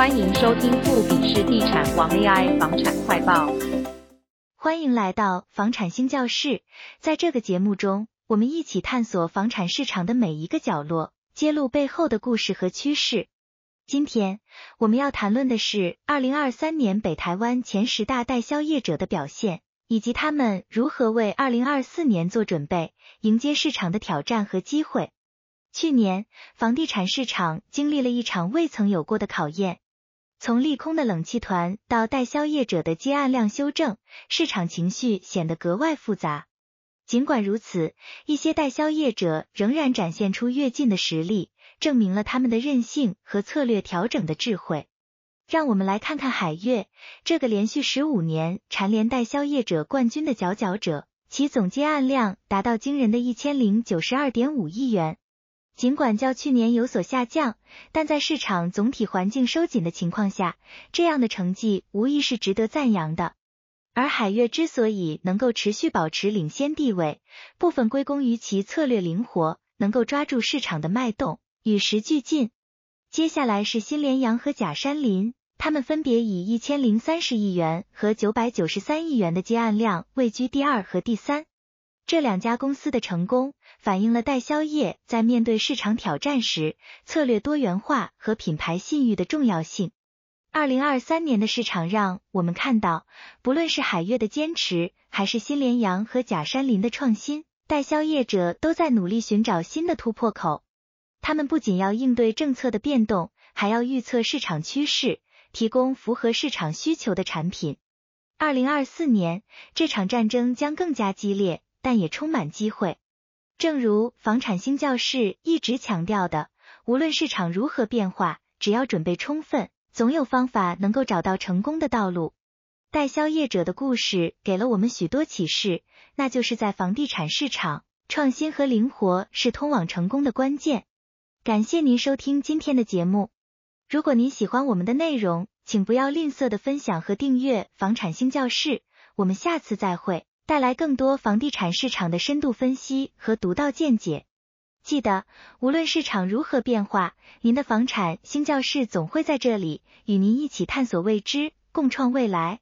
歡迎收聽富比士地產王 AI 房產快報。歡迎來到房產星叫室，在這個節目中，我們一起探索房產市場的每一個角落，揭露背後的故事和趨勢。今天我們要談論的是二零二三年北台灣前十大代銷業者的表現，以及他們如何為二零二四年做準備，迎接市場的挑戰和機會。去年，房地產市場經歷了一場未曾有過的考驗。從利空的冷氣團到代銷業者的接案量修正，市場情緒顯得格外複雜。儘管如此，一些代銷業者仍然展現出躍進的實力，證明了他們的韌性和策略調整的智慧。讓我們來看看海悅，這個連續十五年蟬聯代銷業者冠軍的佼佼者，其總接案量達到驚人的一千零九十二點五億元。儘管較去年有所下降，但在市場總體環境收緊的情況下，這樣的成績無疑是值得讚揚的。而海悅之所以能夠持續保持領先地位，部分歸功於其策略靈活，能夠抓住市場的脈動，與時俱進。接下來是新聯陽和甲山林，他們分別以一千零三十億元和九百九十三億元的接案量位居第二和第三。這兩家公司的成功反映了代銷業在面對市場挑戰時，策略多元化和品牌信譽的重要性。二零二三年的市場讓我們看到，不論是海悅的堅持，還是新聯陽和甲山林的創新，代銷業者都在努力尋找新的突破口。他們不僅要應對政策的變動，還要預測市場趨勢，提供符合市場需求的產品。二零二四年，這場戰爭將更加激烈。但也充滿機會，正如房產星叫室一直強調的，無論市場如何變化，只要準備充分，總有方法能夠找到成功的道路。代銷業者的故事給了我們許多啟示，那就是在房地產市場，創新和靈活是通往成功的關鍵。感謝您收聽今天的節目，如果您喜歡我們的內容，請不要吝嗇的分享和訂閱房產星叫室。我們下次再會。帶來更多房地產市場的深度分析和獨到見解。記得，無論市場如何變化，您的房產星叫室總會在這裡，與您一起探索未知，共創未來。